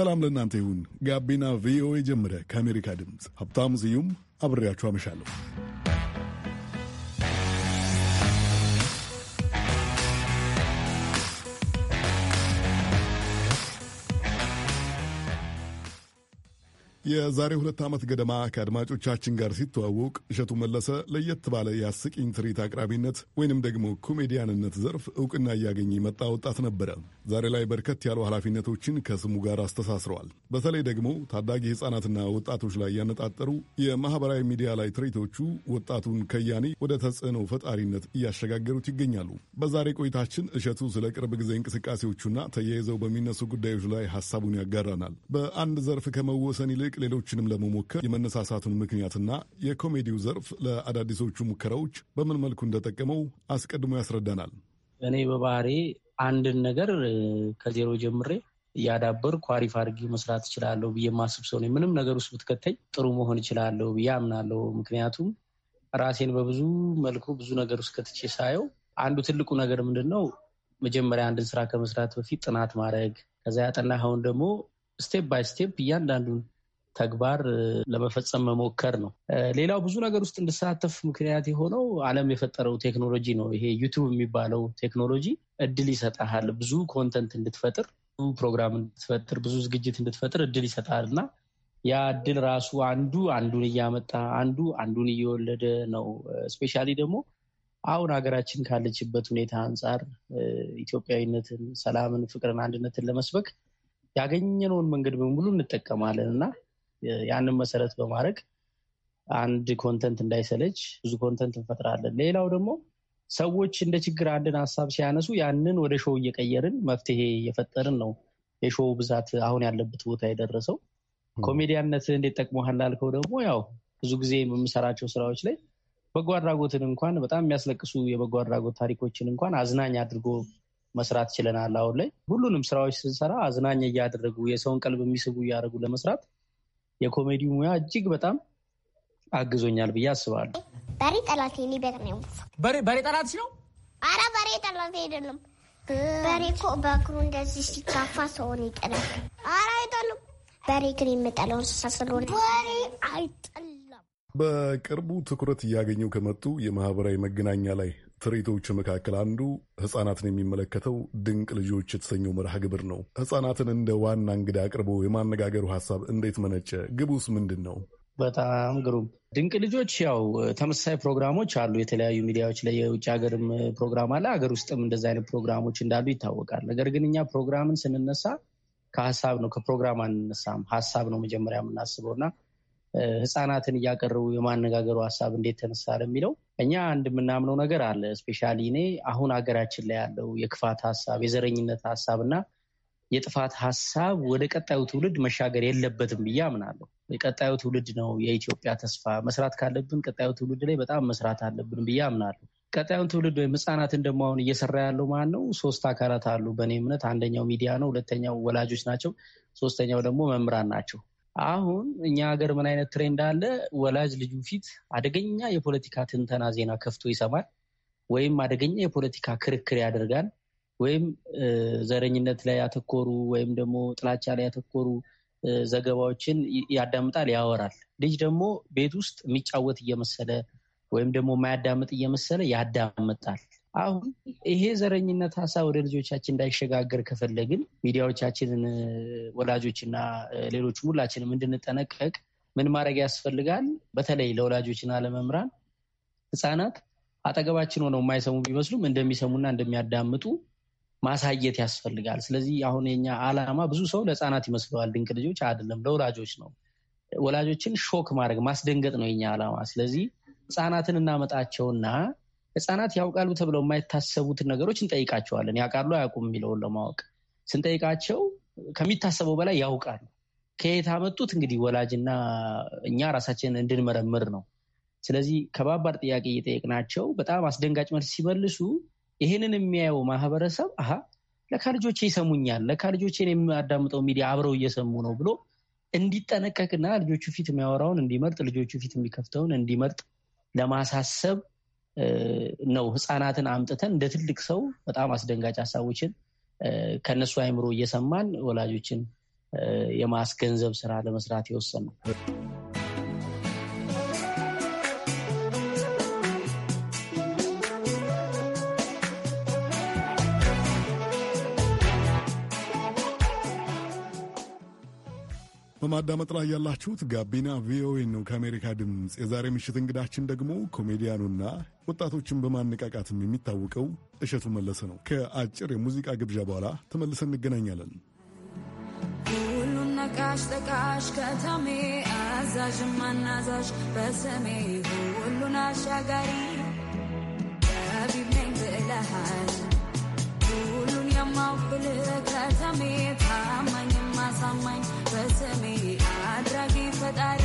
ሰላም ለእናንተ ይሁን። ጋቢና ቪኦኤ ጀምረ ከአሜሪካ ድምፅ ሀብታም ስዩም አብሬያችሁ አመሻለሁ። የዛሬ ሁለት ዓመት ገደማ ከአድማጮቻችን ጋር ሲተዋወቅ እሸቱ መለሰ ለየት ባለ የአስቂኝ ትርኢት አቅራቢነት ወይንም ደግሞ ኮሜዲያንነት ዘርፍ እውቅና እያገኘ የመጣ ወጣት ነበረ። ዛሬ ላይ በርከት ያሉ ኃላፊነቶችን ከስሙ ጋር አስተሳስረዋል። በተለይ ደግሞ ታዳጊ ሕጻናትና ወጣቶች ላይ ያነጣጠሩ የማኅበራዊ ሚዲያ ላይ ትርኢቶቹ ወጣቱን ከያኔ ወደ ተጽዕኖ ፈጣሪነት እያሸጋገሩት ይገኛሉ። በዛሬ ቆይታችን እሸቱ ስለ ቅርብ ጊዜ እንቅስቃሴዎቹና ተያይዘው በሚነሱ ጉዳዮች ላይ ሐሳቡን ያጋራናል። በአንድ ዘርፍ ከመወሰን ይልቅ ሌሎችንም ለመሞከር የመነሳሳቱን ምክንያትና የኮሜዲው ዘርፍ ለአዳዲሶቹ ሙከራዎች በምን መልኩ እንደጠቀመው አስቀድሞ ያስረዳናል። እኔ በባህሬ አንድን ነገር ከዜሮ ጀምሬ እያዳበርኩ አሪፍ አድርጌ መስራት እችላለሁ ብዬ ማስብ ሰው ነኝ። ምንም ነገር ውስጥ ብትከተኝ ጥሩ መሆን እችላለሁ ብዬ አምናለሁ። ምክንያቱም ራሴን በብዙ መልኩ ብዙ ነገር ውስጥ ከትቼ ሳየው አንዱ ትልቁ ነገር ምንድን ነው፣ መጀመሪያ አንድን ስራ ከመስራት በፊት ጥናት ማድረግ፣ ከዛ ያጠናኸውን ደግሞ ስቴፕ ባይ ስቴፕ እያንዳንዱን ተግባር ለመፈጸም መሞከር ነው። ሌላው ብዙ ነገር ውስጥ እንድሳተፍ ምክንያት የሆነው ዓለም የፈጠረው ቴክኖሎጂ ነው። ይሄ ዩቱብ የሚባለው ቴክኖሎጂ እድል ይሰጣል ብዙ ኮንተንት እንድትፈጥር፣ ብዙ ፕሮግራም እንድትፈጥር፣ ብዙ ዝግጅት እንድትፈጥር እድል ይሰጣል እና ያ እድል ራሱ አንዱ አንዱን እያመጣ አንዱ አንዱን እየወለደ ነው። እስፔሻሊ ደግሞ አሁን ሀገራችን ካለችበት ሁኔታ አንጻር ኢትዮጵያዊነትን፣ ሰላምን፣ ፍቅርን፣ አንድነትን ለመስበክ ያገኘነውን መንገድ በሙሉ እንጠቀማለን እና ያንን መሰረት በማድረግ አንድ ኮንተንት እንዳይሰለች ብዙ ኮንተንት እንፈጥራለን። ሌላው ደግሞ ሰዎች እንደ ችግር አንድን ሀሳብ ሲያነሱ ያንን ወደ ሾው እየቀየርን መፍትሄ እየፈጠርን ነው የሾው ብዛት አሁን ያለበት ቦታ የደረሰው። ኮሜዲያነት እንዴት ጠቅመሃል ላልከው ደግሞ ያው ብዙ ጊዜ የምሰራቸው ስራዎች ላይ በጎ አድራጎትን እንኳን በጣም የሚያስለቅሱ የበጎ አድራጎት ታሪኮችን እንኳን አዝናኝ አድርጎ መስራት ችለናል። አሁን ላይ ሁሉንም ስራዎች ስንሰራ አዝናኝ እያደረጉ የሰውን ቀልብ የሚስቡ እያደረጉ ለመስራት የኮሜዲ ሙያ እጅግ በጣም አግዞኛል ብዬ አስባለሁ። በሬ ጠላት ሊበር ነው። በሬ ጠላት ነው። አረ በሬ ጠላት አይደለም። በሬ እኮ በእግሩ እንደዚህ ሲካፋ ሰውን ይጠላል። አረ አይጠሉም። በሬ ግን የምጠለው እንስሳ ስለሆነ በሬ አይጠላም። በቅርቡ ትኩረት እያገኘው ከመጡ የማህበራዊ መገናኛ ላይ ትርኢቶቹ መካከል አንዱ ሕፃናትን የሚመለከተው ድንቅ ልጆች የተሰኘው መርሃ ግብር ነው። ሕፃናትን እንደ ዋና እንግዳ አቅርቦ የማነጋገሩ ሀሳብ እንዴት መነጨ? ግቡስ ምንድን ነው? በጣም ግሩም ድንቅ ልጆች ያው ተመሳሳይ ፕሮግራሞች አሉ። የተለያዩ ሚዲያዎች ላይ የውጭ ሀገርም ፕሮግራም አለ። ሀገር ውስጥም እንደዚ አይነት ፕሮግራሞች እንዳሉ ይታወቃል። ነገር ግን እኛ ፕሮግራምን ስንነሳ ከሀሳብ ነው፣ ከፕሮግራም አንነሳም። ሀሳብ ነው መጀመሪያ የምናስበው እና ህፃናትን እያቀረቡ የማነጋገሩ ሀሳብ እንዴት ተነሳ ለሚለው እኛ አንድ የምናምነው ነገር አለ። እስፔሻሊ እኔ አሁን ሀገራችን ላይ ያለው የክፋት ሀሳብ፣ የዘረኝነት ሀሳብ እና የጥፋት ሀሳብ ወደ ቀጣዩ ትውልድ መሻገር የለበትም ብዬ አምናለሁ። የቀጣዩ ትውልድ ነው የኢትዮጵያ ተስፋ። መስራት ካለብን ቀጣዩ ትውልድ ላይ በጣም መስራት አለብን ብዬ አምናለሁ። ቀጣዩን ትውልድ ወይም ህጻናትን ደግሞ አሁን እየሰራ ያለው ማን ነው? ሶስት አካላት አሉ በእኔ እምነት። አንደኛው ሚዲያ ነው፣ ሁለተኛው ወላጆች ናቸው፣ ሶስተኛው ደግሞ መምህራን ናቸው። አሁን እኛ ሀገር ምን አይነት ትሬንድ አለ? ወላጅ ልጁ ፊት አደገኛ የፖለቲካ ትንተና ዜና ከፍቶ ይሰማል፣ ወይም አደገኛ የፖለቲካ ክርክር ያደርጋል፣ ወይም ዘረኝነት ላይ ያተኮሩ ወይም ደግሞ ጥላቻ ላይ ያተኮሩ ዘገባዎችን ያዳምጣል፣ ያወራል። ልጅ ደግሞ ቤት ውስጥ የሚጫወት እየመሰለ ወይም ደግሞ የማያዳምጥ እየመሰለ ያዳምጣል። አሁን ይሄ ዘረኝነት ሀሳብ ወደ ልጆቻችን እንዳይሸጋገር ከፈለግን ሚዲያዎቻችንን፣ ወላጆችና ሌሎች ሁላችንም እንድንጠነቀቅ ምን ማድረግ ያስፈልጋል? በተለይ ለወላጆችና ለመምህራን ህፃናት አጠገባችን ሆነው የማይሰሙ ቢመስሉም እንደሚሰሙና እንደሚያዳምጡ ማሳየት ያስፈልጋል። ስለዚህ አሁን የኛ አላማ ብዙ ሰው ለህፃናት ይመስለዋል፣ ድንቅ ልጆች አይደለም፣ ለወላጆች ነው። ወላጆችን ሾክ ማድረግ ማስደንገጥ ነው የኛ አላማ ስለዚህ ህፃናትን እናመጣቸውና ህጻናት ያውቃሉ ተብለው የማይታሰቡትን ነገሮች እንጠይቃቸዋለን። ያውቃሉ አያውቁም የሚለውን ለማወቅ ስንጠይቃቸው ከሚታሰበው በላይ ያውቃሉ። ከየት አመጡት? እንግዲህ ወላጅና እኛ ራሳችንን እንድንመረምር ነው። ስለዚህ ከባባድ ጥያቄ እየጠየቅናቸው በጣም አስደንጋጭ መልስ ሲመልሱ ይህንን የሚያየው ማህበረሰብ አ ለካ ልጆቼ ይሰሙኛል፣ ለካ ልጆቼን የሚያዳምጠው ሚዲያ አብረው እየሰሙ ነው ብሎ እንዲጠነቀቅና ልጆቹ ፊት የሚያወራውን እንዲመርጥ፣ ልጆቹ ፊት የሚከፍተውን እንዲመርጥ ለማሳሰብ ነው ህፃናትን አምጥተን እንደ ትልቅ ሰው በጣም አስደንጋጭ ሀሳቦችን ከነሱ አይምሮ እየሰማን ወላጆችን የማስገንዘብ ስራ ለመስራት የወሰን ነው። በማዳመጥ ላይ ያላችሁት ጋቢና ቪኦኤ ነው ከአሜሪካ ድምፅ። የዛሬ ምሽት እንግዳችን ደግሞ ኮሜዲያኑና ወጣቶችን በማነቃቃትም የሚታወቀው እሸቱ መለሰ ነው። ከአጭር የሙዚቃ ግብዣ በኋላ ተመልሰን እንገናኛለን። ሁሉን ነቃሽ ጠቃሽ ከተሜ አዛዥም አናዛዥ በስሜ ሁሉን አሻጋሪ ጠቢብ ነኝ ብለሃል ሁሉን የማውቅልህ ከተሜ ታማኝም አሳማኝ በስሜ አድራጊ ፈጣሪ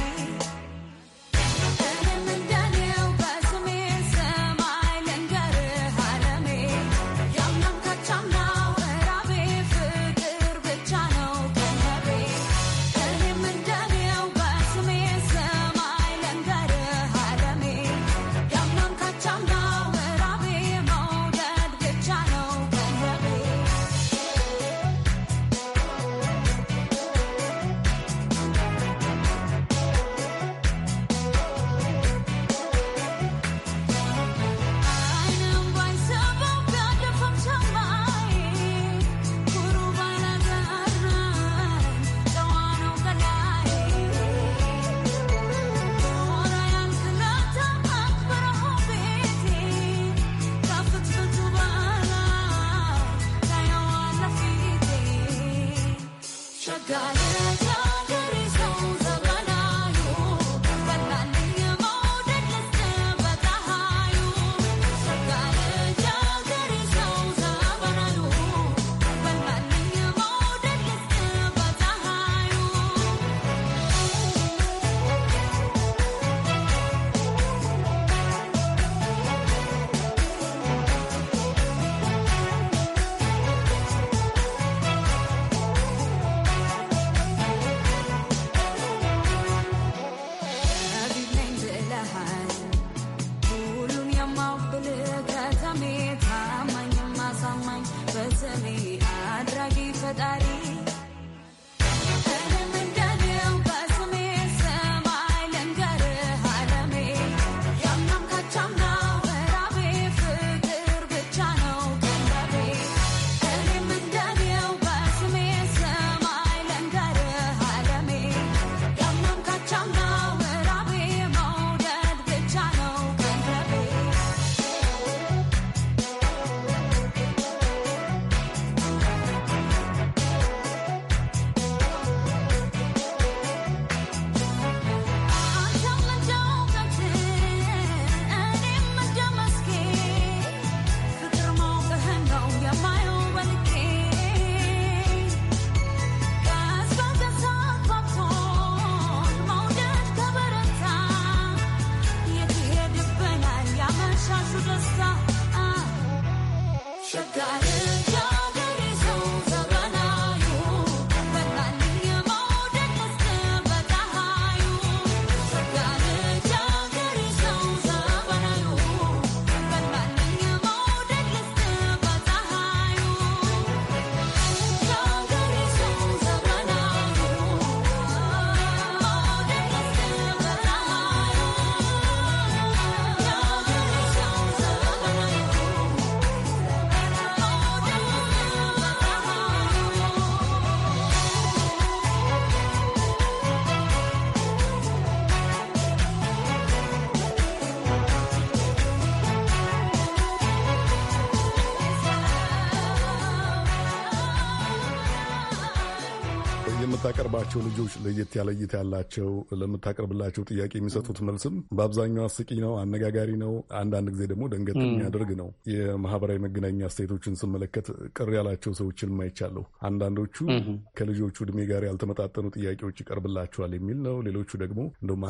ለምታቀርባቸው ልጆች ለየት ያለይት ያላቸው ለምታቀርብላቸው ጥያቄ የሚሰጡት መልስም በአብዛኛው አስቂ ነው፣ አነጋጋሪ ነው፣ አንዳንድ ጊዜ ደግሞ ደንገት የሚያደርግ ነው። የማህበራዊ መገናኛ አስተያየቶችን ስመለከት ቅር ያላቸው ሰዎችን ማይቻለሁ። አንዳንዶቹ ከልጆቹ እድሜ ጋር ያልተመጣጠኑ ጥያቄዎች ይቀርብላቸዋል የሚል ነው። ሌሎቹ ደግሞ እንደውም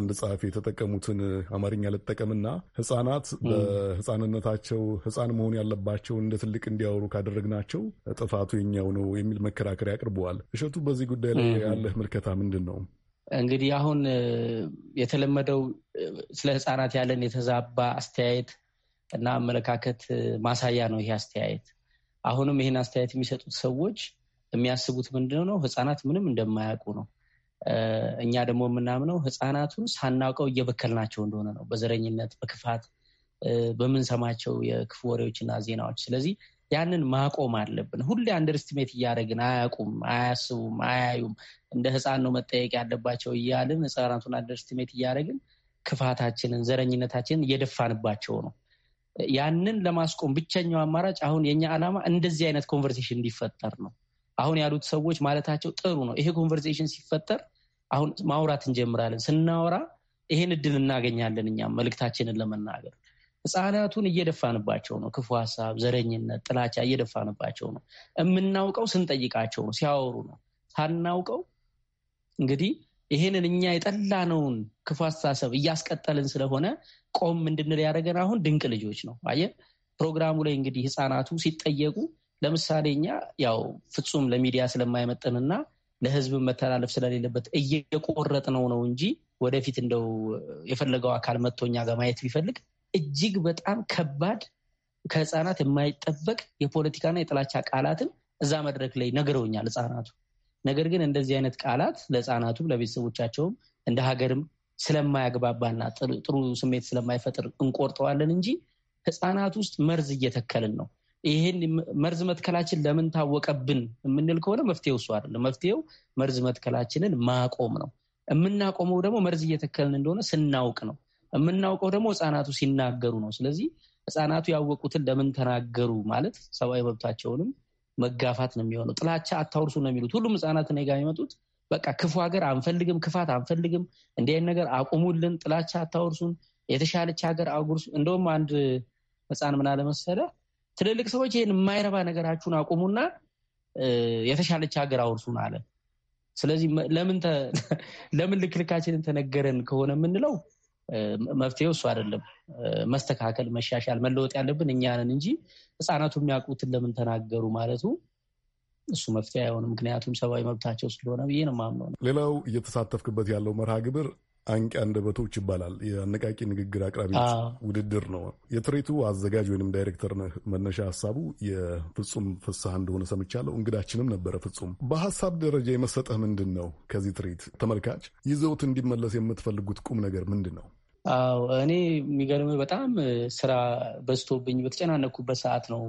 አንድ ጸሐፊ የተጠቀሙትን አማርኛ ልጠቀምና ህጻናት በህጻንነታቸው ህጻን መሆን ያለባቸው እንደ ትልቅ እንዲያወሩ ካደረግናቸው ጥፋቱ የኛው ነው የሚል መከራከሪያ አቅርበዋል። እሸቱ በዚህ ጉዳይ ላይ ያለህ ምልከታ ምንድን ነው? እንግዲህ አሁን የተለመደው ስለ ህፃናት ያለን የተዛባ አስተያየት እና አመለካከት ማሳያ ነው ይሄ አስተያየት። አሁንም ይህን አስተያየት የሚሰጡት ሰዎች የሚያስቡት ምንድን ነው? ህፃናት ምንም እንደማያውቁ ነው። እኛ ደግሞ የምናምነው ህፃናቱን ሳናውቀው እየበከልናቸው እንደሆነ ነው፣ በዘረኝነት፣ በክፋት በምንሰማቸው የክፉ እና ዜናዎች። ስለዚህ ያንን ማቆም አለብን። ሁሌ አንደርስቲሜት እያደረግን አያውቁም፣ አያስቡም፣ አያዩም እንደ ህፃን ነው መጠየቅ ያለባቸው እያልን ህፃናቱን አንደርስቲሜት እያደረግን ክፋታችንን፣ ዘረኝነታችንን እየደፋንባቸው ነው። ያንን ለማስቆም ብቸኛው አማራጭ አሁን የኛ ዓላማ እንደዚህ አይነት ኮንቨርሴሽን እንዲፈጠር ነው። አሁን ያሉት ሰዎች ማለታቸው ጥሩ ነው። ይሄ ኮንቨርሴሽን ሲፈጠር አሁን ማውራት እንጀምራለን። ስናወራ ይሄን እድል እናገኛለን እኛም መልእክታችንን ለመናገር ህፃናቱን እየደፋንባቸው ነው። ክፉ ሀሳብ፣ ዘረኝነት፣ ጥላቻ እየደፋንባቸው ነው። የምናውቀው ስንጠይቃቸው ነው፣ ሲያወሩ ነው። ሳናውቀው እንግዲህ ይሄንን እኛ የጠላነውን ክፉ አስተሳሰብ እያስቀጠልን ስለሆነ ቆም እንድንል ያደረገን አሁን ድንቅ ልጆች ነው። አየህ ፕሮግራሙ ላይ እንግዲህ ህፃናቱ ሲጠየቁ ለምሳሌ እኛ ያው ፍጹም ለሚዲያ ስለማይመጥንና ለህዝብ መተላለፍ ስለሌለበት እየቆረጥ ነው ነው እንጂ ወደፊት እንደው የፈለገው አካል መጥቶ እኛ ጋር ማየት ቢፈልግ እጅግ በጣም ከባድ ከህፃናት የማይጠበቅ የፖለቲካና የጥላቻ ቃላትን እዛ መድረክ ላይ ነግረውኛል ህፃናቱ። ነገር ግን እንደዚህ አይነት ቃላት ለህፃናቱም ለቤተሰቦቻቸውም እንደ ሀገርም ስለማያግባባና ጥሩ ስሜት ስለማይፈጥር እንቆርጠዋለን እንጂ ህፃናት ውስጥ መርዝ እየተከልን ነው። ይህን መርዝ መትከላችን ለምን ታወቀብን የምንል ከሆነ መፍትሄው እሱ አይደለም። መፍትሄው መርዝ መትከላችንን ማቆም ነው። የምናቆመው ደግሞ መርዝ እየተከልን እንደሆነ ስናውቅ ነው። የምናውቀው ደግሞ ህጻናቱ ሲናገሩ ነው። ስለዚህ ህጻናቱ ያወቁትን ለምን ተናገሩ ማለት ሰብአዊ መብታቸውንም መጋፋት ነው የሚሆነው። ጥላቻ አታውርሱ ነው የሚሉት ሁሉም ህጻናት እኔ ጋ የሚመጡት በቃ ክፉ ሀገር አንፈልግም፣ ክፋት አንፈልግም፣ እንዲህ አይነት ነገር አቁሙልን፣ ጥላቻ አታውርሱን፣ የተሻለች ሀገር አጉርሱ። እንደውም አንድ ህፃን ምን አለ ትልልቅ ሰዎች ይህን የማይረባ ነገራችሁን አቁሙና የተሻለች ሀገር አውርሱን አለ። ስለዚህ ለምን ልክልካችንን ተነገረን ከሆነ የምንለው መፍትሄው እሱ አይደለም። መስተካከል፣ መሻሻል፣ መለወጥ ያለብን እኛንን እንጂ ህፃናቱ የሚያውቁትን ለምን ተናገሩ ማለቱ እሱ መፍትሄ አይሆንም። ምክንያቱም ሰብአዊ መብታቸው ስለሆነ ብዬ ነው የማምነው። ሌላው እየተሳተፍክበት ያለው መርሃ ግብር አንቂ አንደበቶች ይባላል። የአነቃቂ ንግግር አቅራቢዎች ውድድር ነው። የትርኢቱ አዘጋጅ ወይም ዳይሬክተር መነሻ ሀሳቡ የፍጹም ፍስሐ እንደሆነ ሰምቻለሁ። እንግዳችንም ነበረ ፍጹም። በሀሳብ ደረጃ የመሰጠህ ምንድን ነው? ከዚህ ትሬት ተመልካች ይዘውት እንዲመለስ የምትፈልጉት ቁም ነገር ምንድን ነው? አዎ እኔ የሚገርምህ በጣም ስራ በዝቶብኝ በተጨናነኩበት ሰዓት ነው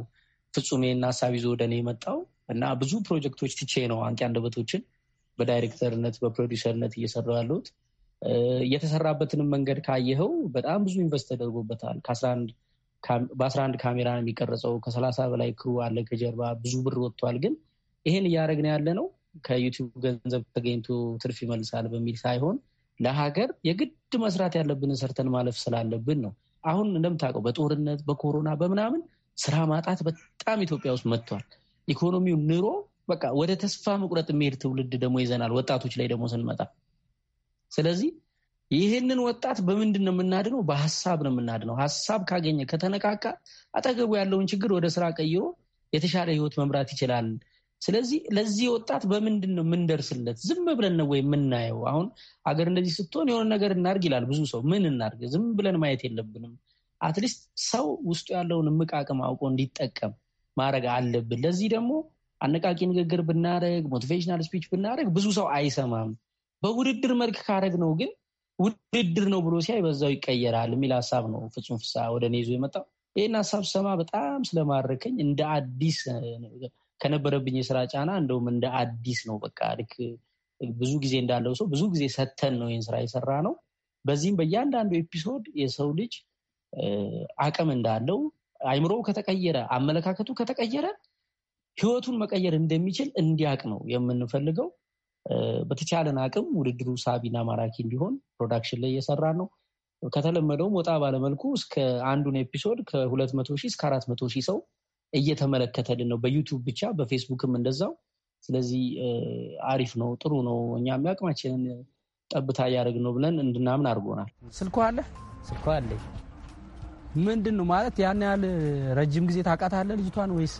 ፍጹሜና ሀሳብ ይዞ ወደ እኔ የመጣው እና ብዙ ፕሮጀክቶች ትቼ ነው አንቂ አንደበቶችን በዳይሬክተርነት በፕሮዲሰርነት እየሰራሁ ያለሁት የተሰራበትንም መንገድ ካየኸው በጣም ብዙ ኢንቨስት ተደርጎበታል። በአስራ አንድ ካሜራ ነው የሚቀረጸው። ከሰላሳ በላይ ክሩ አለ ከጀርባ ብዙ ብር ወጥቷል። ግን ይሄን እያደረግን ያለ ነው ከዩቲዩብ ገንዘብ ተገኝቶ ትርፍ ይመልሳል በሚል ሳይሆን ለሀገር የግድ መስራት ያለብንን ሰርተን ማለፍ ስላለብን ነው። አሁን እንደምታውቀው በጦርነት በኮሮና በምናምን ስራ ማጣት በጣም ኢትዮጵያ ውስጥ መጥቷል። ኢኮኖሚው ኑሮ በቃ ወደ ተስፋ መቁረጥ የሚሄድ ትውልድ ደግሞ ይዘናል። ወጣቶች ላይ ደግሞ ስንመጣ ስለዚህ ይህንን ወጣት በምንድን ነው የምናድነው? በሀሳብ ነው የምናድነው። ሀሳብ ካገኘ ከተነቃቃ፣ አጠገቡ ያለውን ችግር ወደ ስራ ቀይሮ የተሻለ ህይወት መምራት ይችላል። ስለዚህ ለዚህ ወጣት በምንድን ነው የምንደርስለት? ዝም ብለን ነው ወይ የምናየው? አሁን አገር እንደዚህ ስትሆን የሆነ ነገር እናርግ ይላል ብዙ ሰው። ምን እናርግ? ዝም ብለን ማየት የለብንም። አትሊስት ሰው ውስጡ ያለውን እምቅ አቅም አውቆ እንዲጠቀም ማድረግ አለብን። ለዚህ ደግሞ አነቃቂ ንግግር ብናደረግ፣ ሞቲቬሽናል ስፒች ብናደረግ ብዙ ሰው አይሰማም። በውድድር መልክ ካረግ ነው ግን ውድድር ነው ብሎ ሲያይ በዛው ይቀየራል የሚል ሀሳብ ነው ፍጹም ፍሳ ወደ እኔ ይዞ የመጣው። ይህን ሀሳብ ሰማ በጣም ስለማረከኝ እንደ አዲስ ከነበረብኝ የስራ ጫና እንደውም እንደ አዲስ ነው በቃ ልክ ብዙ ጊዜ እንዳለው ሰው ብዙ ጊዜ ሰተን ነው ይህን ስራ የሰራ ነው። በዚህም በእያንዳንዱ ኤፒሶድ የሰው ልጅ አቅም እንዳለው አይምሮው ከተቀየረ፣ አመለካከቱ ከተቀየረ ህይወቱን መቀየር እንደሚችል እንዲያቅ ነው የምንፈልገው። በተቻለን አቅም ውድድሩ ሳቢና ማራኪ እንዲሆን ፕሮዳክሽን ላይ እየሰራ ነው። ከተለመደውም ወጣ ባለመልኩ እስከ አንዱን ኤፒሶድ ከሁለት መቶ ሺህ እስከ አራት መቶ ሺህ ሰው እየተመለከተልን ነው፣ በዩቱብ ብቻ በፌስቡክም እንደዛው። ስለዚህ አሪፍ ነው፣ ጥሩ ነው። እኛም የአቅማችንን ጠብታ እያደረግን ነው ብለን እንድናምን አድርጎናል። ስልኩ አለ ስልኳ አለ። ምንድን ነው ማለት ያን ያህል ረጅም ጊዜ ታውቃታለህ ልጅቷን ወይስ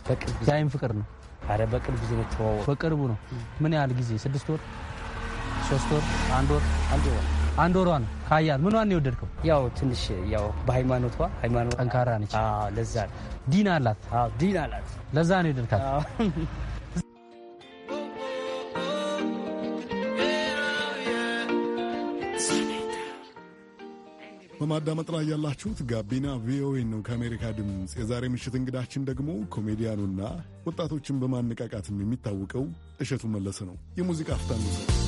ያይን ፍቅር ነው? አረ በቅርብ ጊዜ ነው ተዋወ በቅርቡ ነው። ምን ያህል ጊዜ? ስድስት ወር፣ ሶስት ወር፣ አንድ ወር፣ አንድ ወር አንድ ወሯ ነው ካያል ምኗን የወደድከው? ያው ትንሽ ያው በሃይማኖቷ ሃይማኖት ጠንካራ ነች። ለዛ ዲን አላት ዲን አላት። ለዛ ነው የወደድካት በማዳመጥ ላይ ያላችሁት ጋቢና ቪኦኤ ነው ከአሜሪካ ድምፅ። የዛሬ ምሽት እንግዳችን ደግሞ ኮሜዲያኑና ወጣቶችን በማነቃቃትም የሚታወቀው እሸቱ መለሰ ነው። የሙዚቃ አፍታ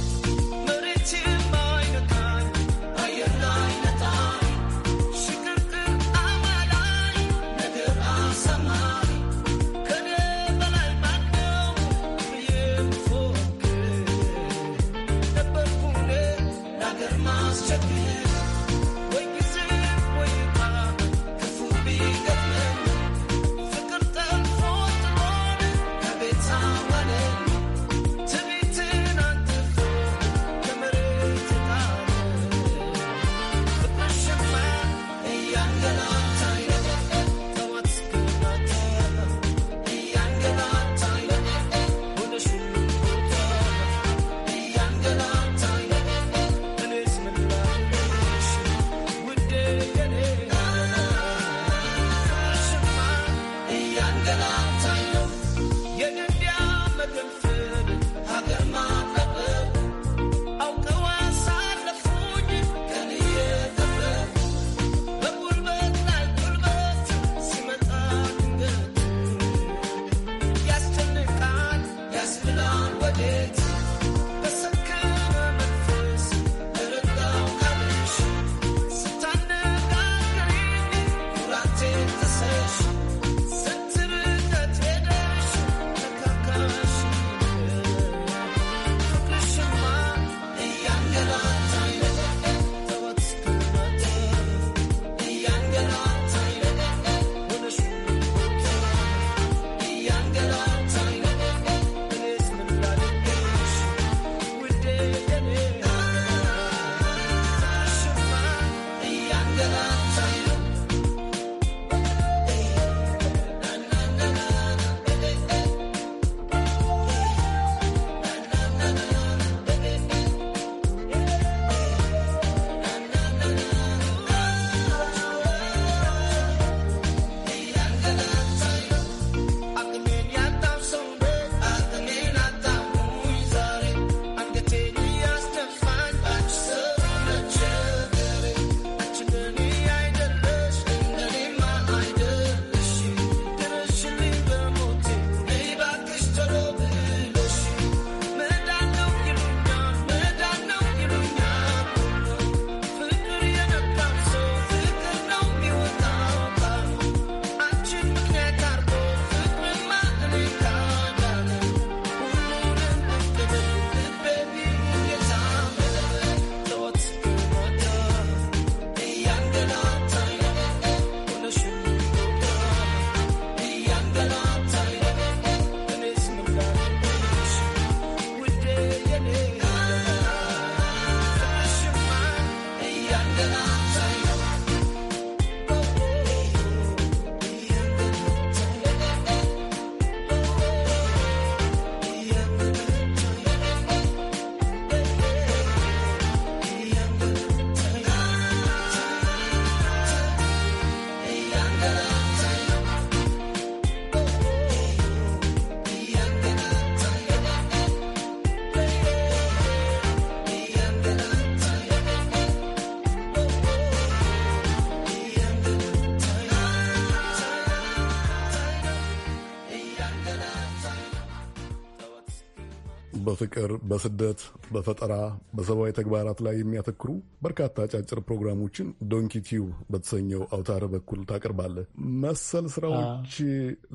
በፍቅር፣ በስደት፣ በፈጠራ፣ በሰብአዊ ተግባራት ላይ የሚያተክሩ በርካታ አጫጭር ፕሮግራሞችን ዶንኪ ቲዩብ በተሰኘው አውታር በኩል ታቀርባለህ። መሰል ስራዎች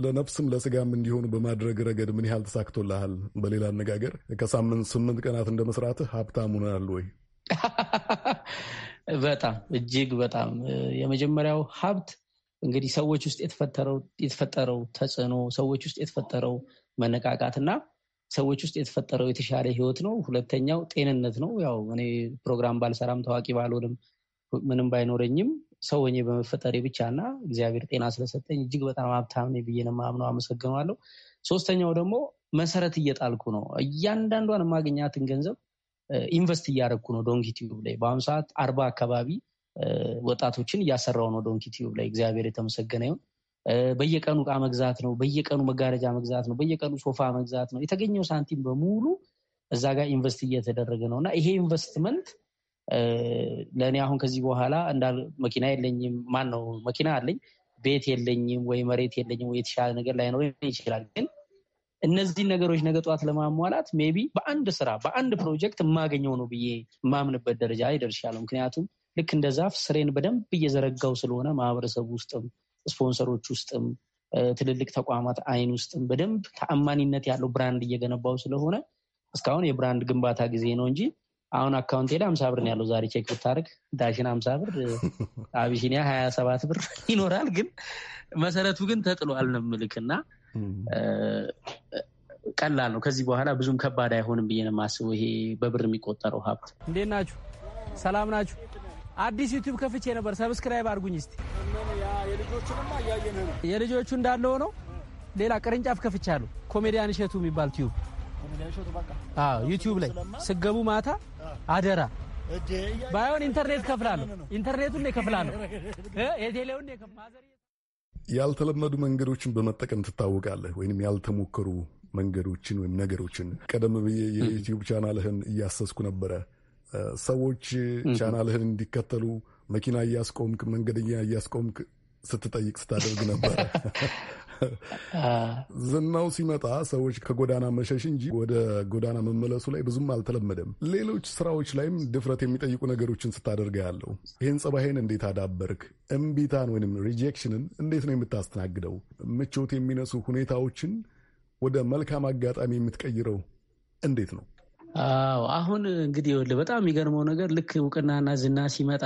ለነፍስም ለስጋም እንዲሆኑ በማድረግ ረገድ ምን ያህል ተሳክቶልሃል? በሌላ አነጋገር ከሳምንት ስምንት ቀናት እንደ መስራትህ ሀብታም ሆነሃል ወይ? በጣም እጅግ በጣም የመጀመሪያው ሀብት እንግዲህ ሰዎች ውስጥ የተፈጠረው ተጽዕኖ፣ ሰዎች ውስጥ የተፈጠረው መነቃቃት እና ሰዎች ውስጥ የተፈጠረው የተሻለ ህይወት ነው። ሁለተኛው ጤንነት ነው። ያው እኔ ፕሮግራም ባልሰራም ታዋቂ ባልሆንም ምንም ባይኖረኝም ሰው ሆኜ በመፈጠሬ ብቻ እና እግዚአብሔር ጤና ስለሰጠኝ እጅግ በጣም ሀብታም ነኝ ብዬ ነው የማምነው። አመሰግነዋለሁ። ሶስተኛው ደግሞ መሰረት እየጣልኩ ነው። እያንዳንዷን የማገኛትን ገንዘብ ኢንቨስት እያደረግኩ ነው ዶንኪ ላይ። በአሁኑ ሰዓት አርባ አካባቢ ወጣቶችን እያሰራው ነው ዶንኪ ላይ። እግዚአብሔር የተመሰገነ ይሁን። በየቀኑ እቃ መግዛት ነው፣ በየቀኑ መጋረጃ መግዛት ነው፣ በየቀኑ ሶፋ መግዛት ነው። የተገኘው ሳንቲም በሙሉ እዛ ጋር ኢንቨስት እየተደረገ ነው እና ይሄ ኢንቨስትመንት ለእኔ አሁን ከዚህ በኋላ እንዳ መኪና የለኝም ማን ነው መኪና አለኝ ቤት የለኝም ወይ መሬት የለኝም ወይ የተሻለ ነገር ላይ ነው ይችላል። ግን እነዚህን ነገሮች ነገ ጠዋት ለማሟላት ሜቢ በአንድ ስራ በአንድ ፕሮጀክት የማገኘው ነው ብዬ የማምንበት ደረጃ ላይ ምክንያቱም ልክ እንደ ዛፍ ስሬን በደንብ እየዘረጋው ስለሆነ ማህበረሰብ ውስጥም ስፖንሰሮች ውስጥም ትልልቅ ተቋማት አይን ውስጥም በደንብ ተአማኒነት ያለው ብራንድ እየገነባው ስለሆነ እስካሁን የብራንድ ግንባታ ጊዜ ነው እንጂ አሁን አካውንቴ ላይ አምሳ ብር ነው ያለው። ዛሬ ቼክ ብታደርግ ዳሽን አምሳ ብር፣ አቢሲኒያ ሀያ ሰባት ብር ይኖራል። ግን መሰረቱ ግን ተጥሏል ነው ምልክ እና ቀላል ነው። ከዚህ በኋላ ብዙም ከባድ አይሆንም ብዬ ነው የማስበው። ይሄ በብር የሚቆጠረው ሀብት። እንዴት ናችሁ? ሰላም ናችሁ? አዲስ ዩቲዩብ ከፍቼ ነበር። ሰብስክራይብ አድርጉኝ እስቲ። የልጆቹ እንዳለ ሆኖ ሌላ ቅርንጫፍ ከፍቻለሁ። ኮሜዲያን እሸቱ የሚባል ቲዩብ ዩቲዩብ ላይ ስገቡ ማታ አደራ ባይሆን ኢንተርኔት ከፍላለሁ። ኢንተርኔቱን ከፍላለሁ። የቴሌውን ያልተለመዱ መንገዶችን በመጠቀም ትታወቃለህ ወይም ያልተሞከሩ መንገዶችን ወይም ነገሮችን ቀደም ብዬ የዩቲዩብ ቻናልህን እያሰስኩ ነበረ። ሰዎች ቻናልህን እንዲከተሉ መኪና እያስቆምክ መንገደኛ እያስቆምክ ስትጠይቅ ስታደርግ ነበር። ዝናው ሲመጣ ሰዎች ከጎዳና መሸሽ እንጂ ወደ ጎዳና መመለሱ ላይ ብዙም አልተለመደም። ሌሎች ስራዎች ላይም ድፍረት የሚጠይቁ ነገሮችን ስታደርግ ያለው ይህን ጸባይን እንዴት አዳበርክ? እምቢታን ወይም ሪጀክሽንን እንዴት ነው የምታስተናግደው? ምቾት የሚነሱ ሁኔታዎችን ወደ መልካም አጋጣሚ የምትቀይረው እንዴት ነው? አዎ አሁን እንግዲህ በጣም የሚገርመው ነገር ልክ እውቅናና ዝና ሲመጣ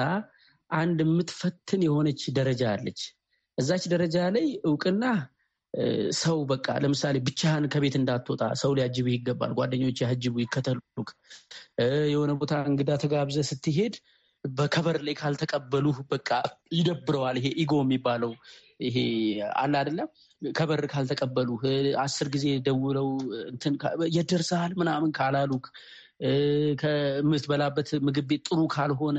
አንድ የምትፈትን የሆነች ደረጃ አለች። እዛች ደረጃ ላይ እውቅና ሰው በቃ ለምሳሌ ብቻህን ከቤት እንዳትወጣ ሰው ሊያጅቡ ይገባል። ጓደኞች ያጅቡ ይከተሉ። የሆነ ቦታ እንግዳ ተጋብዘ ስትሄድ በከበር ላይ ካልተቀበሉ በቃ ይደብረዋል። ይሄ ኢጎ የሚባለው ይሄ አለ አይደለም። ከበር ካልተቀበሉ አስር ጊዜ ደውለው እንትን የደርሰሃል ምናምን ካላሉክ ከምትበላበት ምግብ ቤት ጥሩ ካልሆነ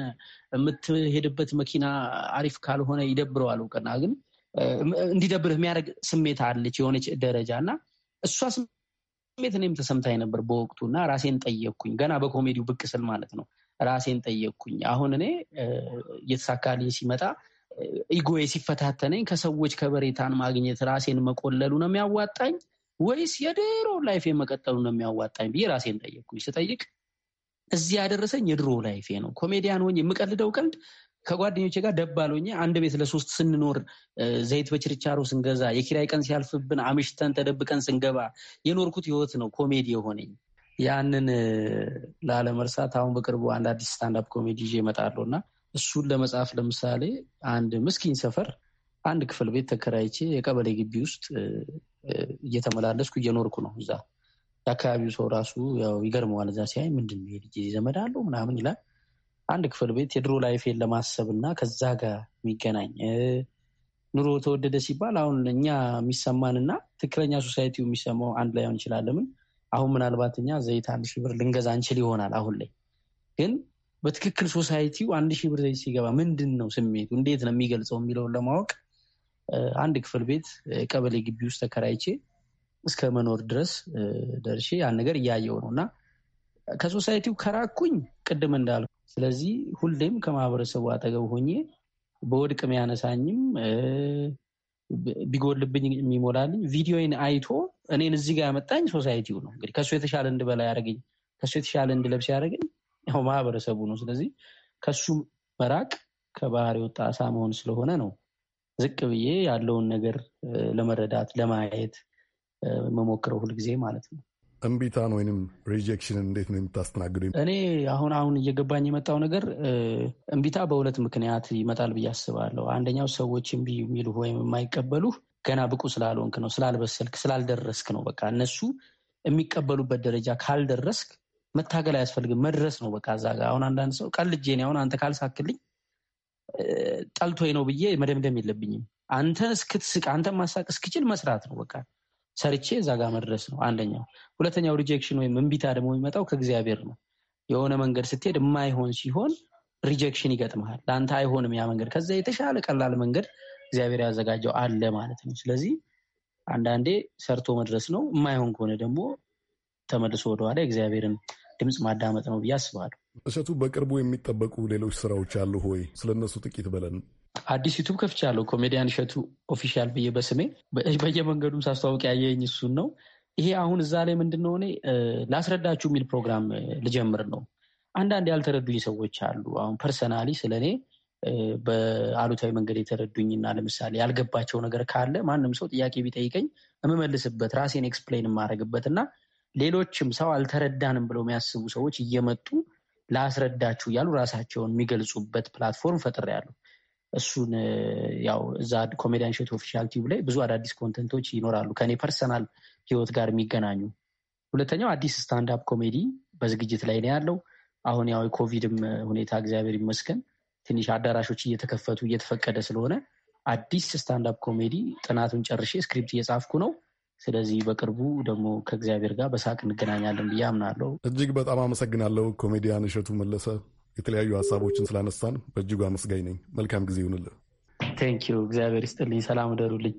የምትሄድበት መኪና አሪፍ ካልሆነ ይደብረዋል። እውቅና ግን እንዲደብርህ የሚያደርግ ስሜት አለች የሆነች ደረጃ እና እሷ ስሜት እኔም ተሰምታኝ ነበር በወቅቱ እና ራሴን ጠየቅኩኝ ገና በኮሜዲው ብቅ ስል ማለት ነው ራሴን ጠየቅኩኝ። አሁን እኔ እየተሳካልኝ ሲመጣ ኢጎዬ ሲፈታተነኝ ከሰዎች ከበሬታን ማግኘት ራሴን መቆለሉ ነው የሚያዋጣኝ ወይስ የድሮ ላይፌ መቀጠሉ ነው የሚያዋጣኝ ብዬ ራሴን ጠየቅኩኝ። ስጠይቅ እዚህ ያደረሰኝ የድሮ ላይፌ ነው። ኮሜዲያን ሆኜ የምቀልደው ቀልድ ከጓደኞቼ ጋር ደባል ሆኜ አንድ ቤት ለሶስት ስንኖር ዘይት በችርቻሮ ስንገዛ የኪራይ ቀን ሲያልፍብን አምሽተን ተደብቀን ስንገባ የኖርኩት ህይወት ነው ኮሜዲ የሆነኝ። ያንን ላለመርሳት አሁን በቅርቡ አንድ አዲስ ስታንዳፕ ኮሜዲ ይዤ እመጣለሁ እና እሱን ለመጻፍ ለምሳሌ አንድ ምስኪን ሰፈር አንድ ክፍል ቤት ተከራይቼ የቀበሌ ግቢ ውስጥ እየተመላለስኩ እየኖርኩ ነው። እዛ የአካባቢው ሰው ራሱ ያው ይገርመዋል። እዛ ሲያይ ምንድን ነው የልጅ ዘመድ አለው ምናምን ይላል። አንድ ክፍል ቤት የድሮ ላይፌን ለማሰብ እና ከዛ ጋር የሚገናኝ ኑሮ ተወደደ ሲባል አሁን እኛ የሚሰማን እና ትክክለኛ ሶሳይቲው የሚሰማው አንድ ላይሆን ይችላል። ለምን አሁን ምናልባት እኛ ዘይት አንድ ሺህ ብር ልንገዛ እንችል ይሆናል። አሁን ላይ ግን በትክክል ሶሳይቲው አንድ ሺህ ብር ዘይት ሲገባ ምንድን ነው ስሜቱ፣ እንዴት ነው የሚገልጸው የሚለውን ለማወቅ አንድ ክፍል ቤት ቀበሌ ግቢ ውስጥ ተከራይቼ እስከ መኖር ድረስ ደርሼ ያን ነገር እያየው ነው እና ከሶሳይቲው ከራኩኝ ቅድም እንዳልኩ፣ ስለዚህ ሁሌም ከማህበረሰቡ አጠገብ ሆኜ በወድቅ የሚያነሳኝም ቢጎልብኝ የሚሞላልኝ ቪዲዮን አይቶ እኔን እዚህ ጋር ያመጣኝ ሶሳይቲው ነው። እንግዲህ ከሱ የተሻለ እንድበላ ያደረገኝ፣ ከሱ የተሻለ እንድለብስ ያደረገኝ ያው ማህበረሰቡ ነው። ስለዚህ ከሱ መራቅ ከባህር የወጣ አሳ መሆን ስለሆነ ነው ዝቅ ብዬ ያለውን ነገር ለመረዳት ለማየት መሞክረው ሁልጊዜ ማለት ነው። እምቢታን ወይንም ሪጀክሽን እንዴት ነው የምታስተናግዱ? እኔ አሁን አሁን እየገባኝ የመጣው ነገር እምቢታ በሁለት ምክንያት ይመጣል ብዬ አስባለሁ። አንደኛው ሰዎች እምቢ የሚሉ ወይም የማይቀበሉ ገና ብቁ ስላልሆንክ ነው፣ ስላልበሰልክ፣ ስላልደረስክ ነው። በቃ እነሱ የሚቀበሉበት ደረጃ ካልደረስክ መታገል አያስፈልግም። መድረስ ነው በቃ እዛ ጋር። አሁን አንዳንድ ሰው ቀልጄ እኔ አሁን አንተ ካልሳክልኝ ጠልቶኝ ነው ብዬ መደምደም የለብኝም። አንተ እስክትስቅ አንተ ማሳቅ እስክችል መስራት ነው በቃ ሰርቼ እዛ ጋር መድረስ ነው አንደኛው። ሁለተኛው ሪጀክሽን ወይም እምቢታ ደግሞ የሚመጣው ከእግዚአብሔር ነው። የሆነ መንገድ ስትሄድ የማይሆን ሲሆን ሪጀክሽን ይገጥመሃል። ለአንተ አይሆንም ያ መንገድ። ከዛ የተሻለ ቀላል መንገድ እግዚአብሔር ያዘጋጀው አለ ማለት ነው። ስለዚህ አንዳንዴ ሰርቶ መድረስ ነው። የማይሆን ከሆነ ደግሞ ተመልሶ ወደኋላ እግዚአብሔርን ድምፅ ማዳመጥ ነው ብዬ አስባለሁ። እሸቱ፣ በቅርቡ የሚጠበቁ ሌሎች ስራዎች አሉ ሆይ? ስለነሱ ጥቂት በለን። አዲስ ዩቱብ ከፍቻለሁ፣ ኮሜዲያን እሸቱ ኦፊሻል ብዬ በስሜ በየመንገዱም ሳስተዋውቅ ያየኝ እሱን ነው። ይሄ አሁን እዛ ላይ ምንድን ነው እኔ ላስረዳችሁ የሚል ፕሮግራም ልጀምር ነው። አንዳንድ ያልተረዱኝ ሰዎች አሉ። አሁን ፐርሰናሊ ስለ እኔ በአሉታዊ መንገድ የተረዱኝና ለምሳሌ ያልገባቸው ነገር ካለ ማንም ሰው ጥያቄ ቢጠይቀኝ የምመልስበት ራሴን ኤክስፕሌን የማደርግበት እና ሌሎችም ሰው አልተረዳንም ብለው የሚያስቡ ሰዎች እየመጡ ላስረዳችሁ እያሉ ራሳቸውን የሚገልጹበት ፕላትፎርም ፈጥሬያለሁ። እሱን ያው እዛ ኮሜዲያን ሸት ኦፊሻል ቲዩብ ላይ ብዙ አዳዲስ ኮንተንቶች ይኖራሉ ከኔ ፐርሰናል ህይወት ጋር የሚገናኙ። ሁለተኛው አዲስ ስታንዳፕ ኮሜዲ በዝግጅት ላይ ነው ያለው። አሁን ያው የኮቪድም ሁኔታ እግዚአብሔር ይመስገን ትንሽ አዳራሾች እየተከፈቱ እየተፈቀደ ስለሆነ አዲስ ስታንዳፕ ኮሜዲ ጥናቱን ጨርሼ ስክሪፕት እየጻፍኩ ነው። ስለዚህ በቅርቡ ደግሞ ከእግዚአብሔር ጋር በሳቅ እንገናኛለን ብዬ አምናለሁ። እጅግ በጣም አመሰግናለሁ ኮሜዲያን እሸቱ መለሰ። የተለያዩ ሀሳቦችን ስላነሳን በእጅጉ አመስጋኝ ነኝ። መልካም ጊዜ ይሁንልን። ቴንኪዩ። እግዚአብሔር ይስጥልኝ። ሰላም እደሩልኝ።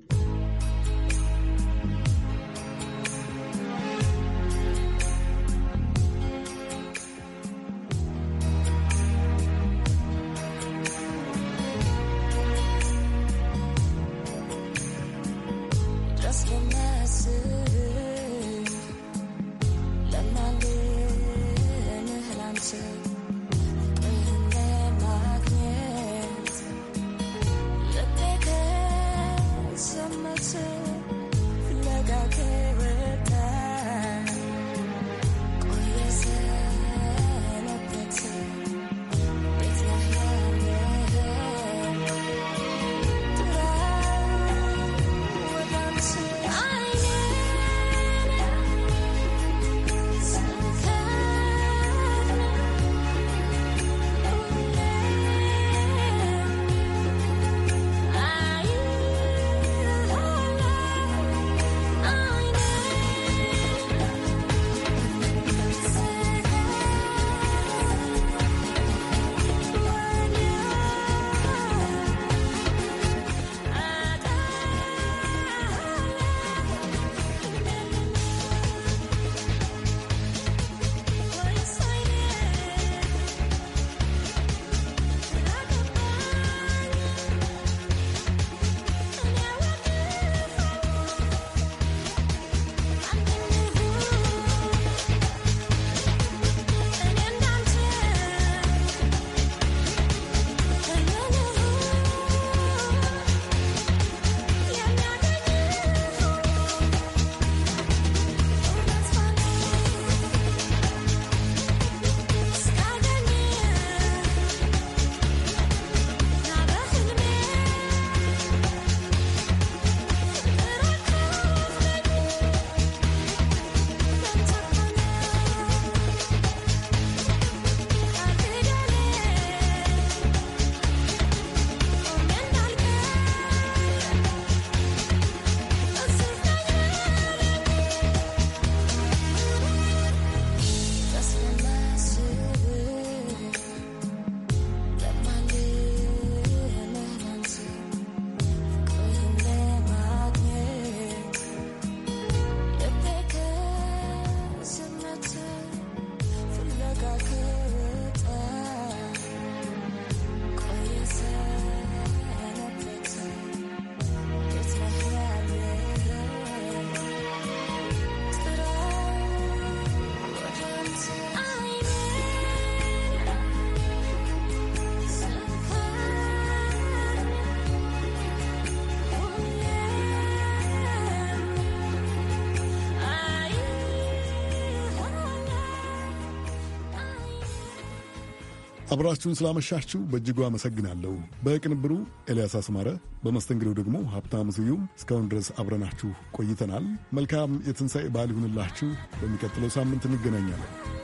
አብራችሁን ስላመሻችሁ በእጅጉ አመሰግናለሁ። በቅንብሩ ኤልያስ አስማረ፣ በመስተንግዶው ደግሞ ሀብታም ስዩም። እስካሁን ድረስ አብረናችሁ ቆይተናል። መልካም የትንሣኤ በዓል ይሁንላችሁ። በሚቀጥለው ሳምንት እንገናኛለን።